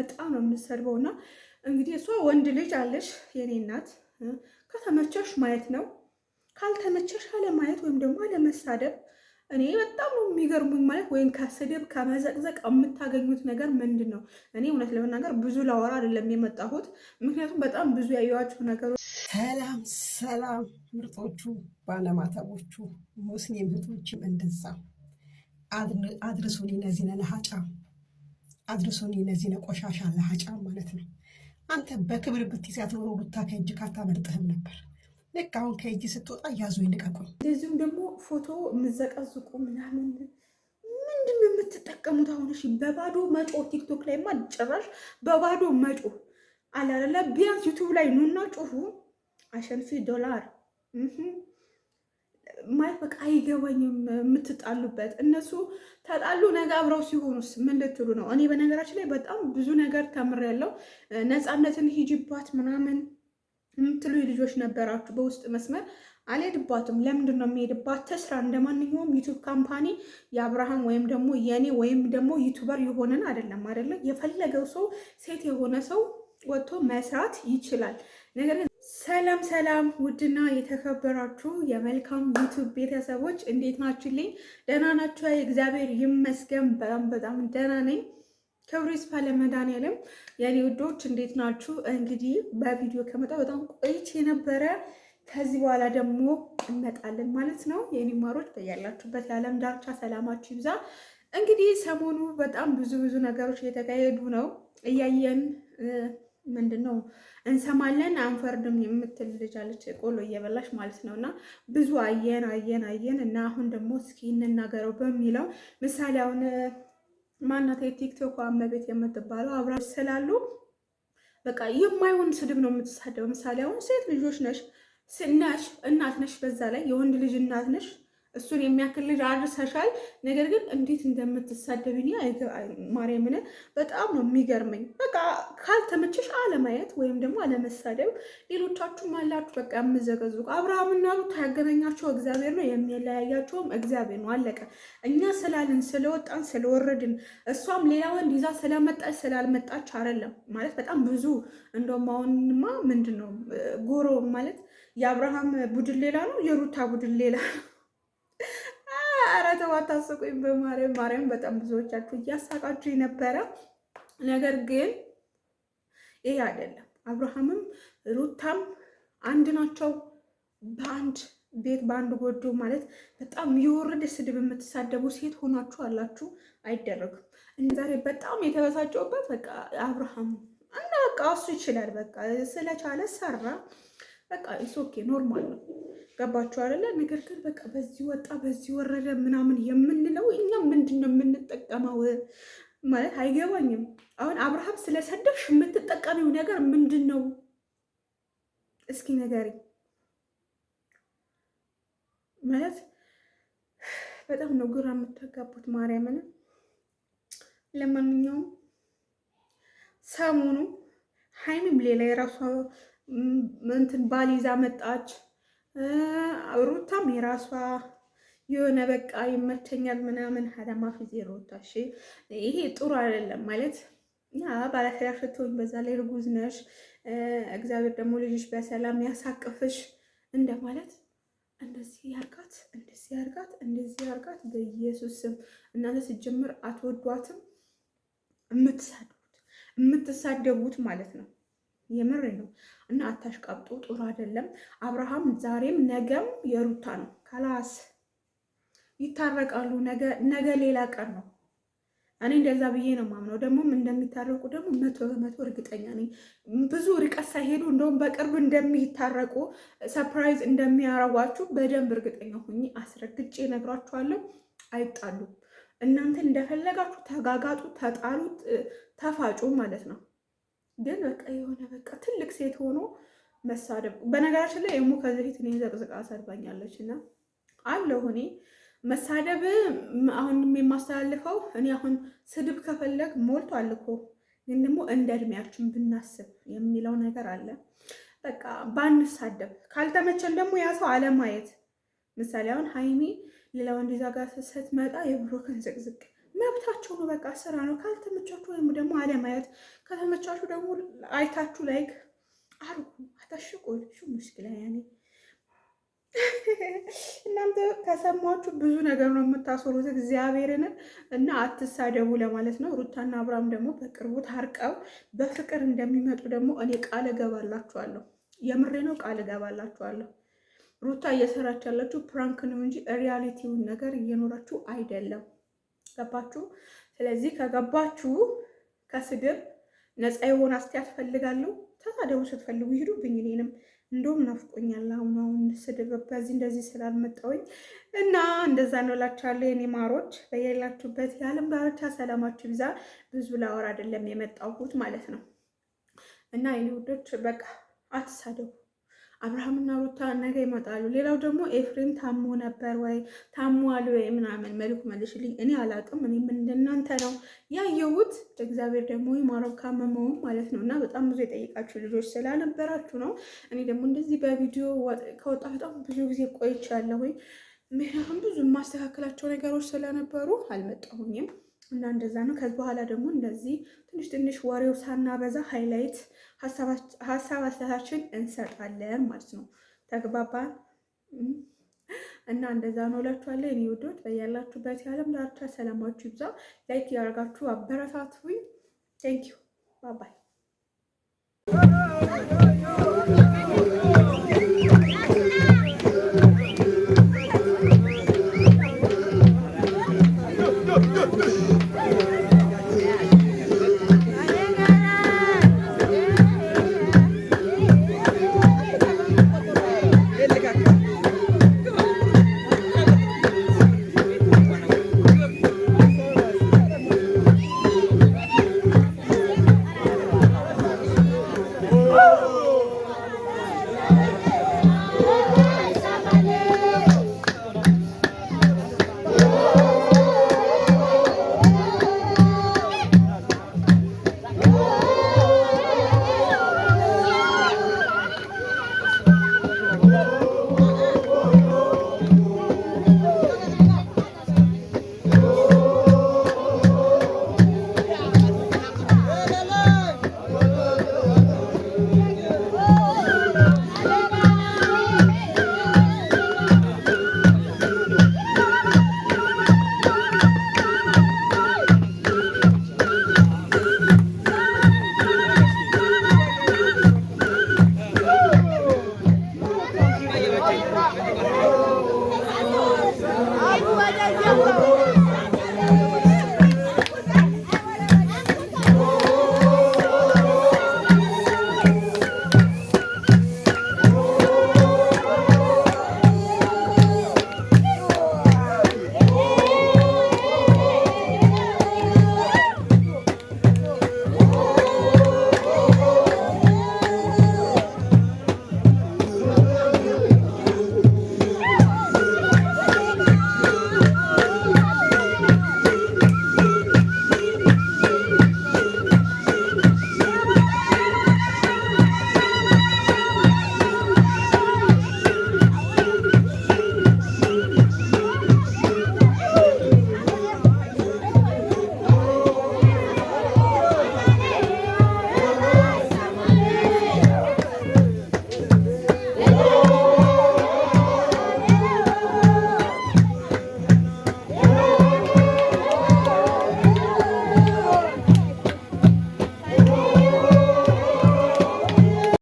በጣም ነው የምትሰድበው። እና እንግዲህ እሷ ወንድ ልጅ አለሽ የኔ እናት፣ ከተመቸሽ ማየት ነው ካልተመቸሽ አለማየት ወይም ደግሞ አለመሳደብ። እኔ በጣም ነው የሚገርሙኝ ማለት ወይም ከስድብ ከመዘቅዘቅ የምታገኙት ነገር ምንድን ነው? እኔ እውነት ለመናገር ብዙ ላወራ አይደለም የመጣሁት፣ ምክንያቱም በጣም ብዙ ያየኋቸው ነገሮች። ሰላም ሰላም፣ ምርጦቹ ባለማተቦቹ ሙስሊም እህቶችም እንደዛ አድርሱን ነዚህነ ለሀጫ አድርሶኒ ለዚህ ለቆሻሻ ለሀጫም ማለት ነው። አንተ በክብር ብትይዛት ኖሮ ሩታ ከእጅ ካታመልጥህም ነበር። ልክ አሁን ከእጅ ስትወጣ እያዙ ይልቀቁ። እንደዚሁም ደግሞ ፎቶ የምዘቀዝቁ ምናምን ምንድን ነው የምትጠቀሙት? አሁን እሺ፣ በባዶ መጮ ቲክቶክ ላይ ጭራሽ በባዶ መጮ አላለለ። ቢያንስ ዩቱብ ላይ ኑና ጩሁ። አሸንፊ ዶላር ማለት በቃ አይገባኝም የምትጣሉበት። እነሱ ተጣሉ ነገ አብረው ሲሆኑስ ምን ልትሉ ነው? እኔ በነገራችን ላይ በጣም ብዙ ነገር ተምሬያለሁ። ነፃነትን ሂጂባት ምናምን የምትሉ ልጆች ነበራችሁ በውስጥ መስመር አልሄድባትም። ለምንድን ነው የሚሄድባት? ተስራ እንደ ማንኛውም ዩቱብ ካምፓኒ የአብርሃም ወይም ደግሞ የእኔ ወይም ደግሞ ዩቱበር የሆነን አይደለም አይደለም። የፈለገው ሰው ሴት የሆነ ሰው ወጥቶ መስራት ይችላል። ነገር ሰላም ሰላም፣ ውድና የተከበራችሁ የመልካም ዩቱብ ቤተሰቦች እንዴት ናችሁልኝ? ደህና ናችሁ? እግዚአብሔር ይመስገን በጣም በጣም ደህና ነኝ። ክብሩ ይስፋ ለመድኃኒዓለም። የኔ ውዶች እንዴት ናችሁ? እንግዲህ በቪዲዮ ከመጣ በጣም ቆይቼ የነበረ ከዚህ በኋላ ደግሞ እንመጣለን ማለት ነው። የኔ ማሮች በያላችሁበት የዓለም ዳርቻ ሰላማችሁ ይብዛ። እንግዲህ ሰሞኑ በጣም ብዙ ብዙ ነገሮች እየተካሄዱ ነው እያየን ምንድን ነው እንሰማለን አንፈርድም የምትል ልጅ አለች፣ ቆሎ እየበላች ማለት ነው። እና ብዙ አየን አየን አየን እና አሁን ደግሞ እስኪ እንናገረው በሚለው ምሳሌ አሁን ማናት የቲክቶክ አመቤት የምትባለው አብራ ስላሉ በቃ የማይሆን ስድብ ነው የምትሳደበው። ምሳሌ አሁን ሴት ልጆች ነሽ ነሽ እናት ነሽ፣ በዛ ላይ የወንድ ልጅ እናት ነሽ እሱን የሚያክል ልጅ አድርሰሻል። ነገር ግን እንዴት እንደምትሳደብ ማርያምን በጣም ነው የሚገርመኝ። በቃ ካልተመቸሽ አለማየት ወይም ደግሞ አለመሳደብ። ሌሎቻችሁም አላችሁ በቃ የምዘገዙ አብርሃምና ሩት ያገናኛቸው እግዚአብሔር ነው፣ የሚለያያቸውም እግዚአብሔር ነው። አለቀ። እኛ ስላልን ስለወጣን ስለወረድን እሷም ሌላ ወንድ ይዛ ስለመጣች ስላልመጣች አይደለም ማለት በጣም ብዙ እንደውም አሁንማ ምንድን ነው ጎሮ ማለት የአብርሃም ቡድን ሌላ ነው፣ የሩታ ቡድን ሌላ ነው። ኧረ ተው አታስቁኝ። በማርያም ማርያም በጣም ብዙዎቻችሁ እያሳቃችሁ ነበረ። ነገር ግን ይሄ አይደለም። አብርሃምም ሩታም አንድ ናቸው። በአንድ ቤት በአንድ ጎጆ ማለት በጣም የወረደ ስድብ የምትሳደቡ ሴት ሆናችሁ አላችሁ። አይደረግም። እኔ ዛሬ በጣም የተበሳጨውበት በቃ አብርሃም እና በቃ እሱ ይችላል። በቃ ስለቻለ ሰራ በቃ ኢስ ኦኬ ኖርማል ነው። ገባችሁ አይደለ? ነገር ግን በቃ በዚህ ወጣ በዚህ ወረደ ምናምን የምንለው እኛ ምንድን ነው የምንጠቀመው? ማለት አይገባኝም። አሁን አብርሃም ስለሰደብሽ የምትጠቀሚው ነገር ምንድን ነው? እስኪ ነገሪ ማለት በጣም ነው ግራ የምታጋቡት ማርያምን። ለማንኛውም ሰሞኑ ሀይምም ሌላ የራሷ እንትን ባል ይዛ መጣች። ሩታም የራሷ የሆነ በቃ ይመቸኛል ምናምን ሀደማፊ ሩታ፣ እሺ፣ ይሄ ጥሩ አይደለም ማለት ያ ባለትዳር ስትሆኝ በዛ ላይ ርጉዝ ነሽ፣ እግዚአብሔር ደግሞ ልጅሽ በሰላም ያሳቅፍሽ እንደማለት እንደዚህ ያርጋት እንደዚህ ያርጋት እንደዚህ ያርጋት። በኢየሱስ ስም እናንተ ስጀምር አትወዷትም፣ የምትሳደቡት የምትሳደቡት ማለት ነው። የምሬ ነው እና አታሽቃብጡ። ጥሩ አይደለም። አብርሃም ዛሬም ነገም የሩታ ነው። ከላስ ይታረቃሉ። ነገ ሌላ ቀን ነው። እኔ እንደዛ ብዬ ነው ማምነው። ደግሞም እንደሚታረቁ ደግሞ መቶ በመቶ እርግጠኛ ነኝ። ብዙ ርቀት ሳይሄዱ እንደውም በቅርብ እንደሚታረቁ ሰፕራይዝ እንደሚያረጓችሁ በደንብ እርግጠኛ ሁኝ፣ አስረግጬ ነግራችኋለሁ። አይጣሉም። እናንተ እንደፈለጋችሁ ተጋጋጡ፣ ተጣሉ፣ ተፋጩ ማለት ነው። ግን በቃ የሆነ በቃ ትልቅ ሴት ሆኖ መሳደብ። በነገራችን ላይ ሙ ከዚህ ፊት እኔ ዘቅዝቃ ሰርባኛለች እና አለሁ እኔ መሳደብ አሁን የማስተላልፈው እኔ አሁን ስድብ ከፈለግ ሞልቶ አልኮ ግን ደግሞ እንደ እድሜያችን ብናስብ የሚለው ነገር አለ። በቃ ባንሳደብ፣ ካልተመቸን ደግሞ ያ ሰው አለማየት። ምሳሌ አሁን ሀይሚ ሌላ ወንድ ጋር ስትመጣ የብሩክን ዝቅዝቅ መብታቸው ነው። በቃ ስራ ነው። ካልተመቻችሁ ወይም ደግሞ አለማየት ከተመቻችሁ ደግሞ አይታችሁ ላይክ አርጉ። አታሽቁ ሹ ሙሽክላ ያኔ እናንተ ከሰማችሁ ብዙ ነገር ነው የምታስወሩት። እግዚአብሔርን እና አትሳደቡ ለማለት ነው። ሩታና አብርሃም ደግሞ በቅርቡ ታርቀው በፍቅር እንደሚመጡ ደግሞ እኔ ቃል እገባላችኋለሁ። የምሬ ነው፣ ቃል እገባላችኋለሁ። ሩታ እየሰራች ያለችው ፕራንክ ነው እንጂ ሪያሊቲውን ነገር እየኖራችሁ አይደለም። ገባችሁ? ስለዚህ ከገባችሁ ከስድብ ነፃ የሆነ አስተያየት ፈልጋለሁ። ተሳደቡ ስትፈልጉ ሂዱብኝ። እኔንም እንደውም ናፍቆኛል። አሁን አሁን ስድብ በዚህ እንደዚህ ስላልመጣሁኝ እና እንደዛ ነው እላችኋለሁ። የኔ ማሮች በየላችሁበት የዓለም ዳርቻ ሰላማችሁ ይብዛ። ብዙ ላወራ አይደለም የመጣሁት ማለት ነው እና የኔ ውዶች በቃ አትሳደቡ። አብርሃምና ሩታ ነገ ይመጣሉ። ሌላው ደግሞ ኤፍሬም ታሞ ነበር ወይ ታሞ አሉ ወይ ምናምን መልኩ መልሽልኝ። እኔ አላቅም። እኔ ምን እንደናንተ ነው ያየሁት። እግዚአብሔር ደግሞ ይማረው ካመመውም ማለት ነው። እና በጣም ብዙ የጠየቃችሁ ልጆች ስላነበራችሁ ነው። እኔ ደግሞ እንደዚህ በቪዲዮ ከወጣ በጣም ብዙ ጊዜ ቆይቻለሁኝ። ምክንያቱም ብዙ የማስተካከላቸው ነገሮች ስለነበሩ አልመጣሁኝም። እና እንደዛ ነው። ከዚህ በኋላ ደግሞ እንደዚህ ትንሽ ትንሽ ወሬው ሳናበዛ ሃይላይት ሀሳብ አስተያየታችን እንሰጣለን ማለት ነው። ተግባባን እና እንደዛ ነው እላችኋለሁ። እኔ ውዶች በያላችሁበት የዓለም ዳርቻ ሰላማችሁ ይብዛ። ላይክ ያደርጋችሁ አበረታቱኝ። ቴንኪዩ ባባይ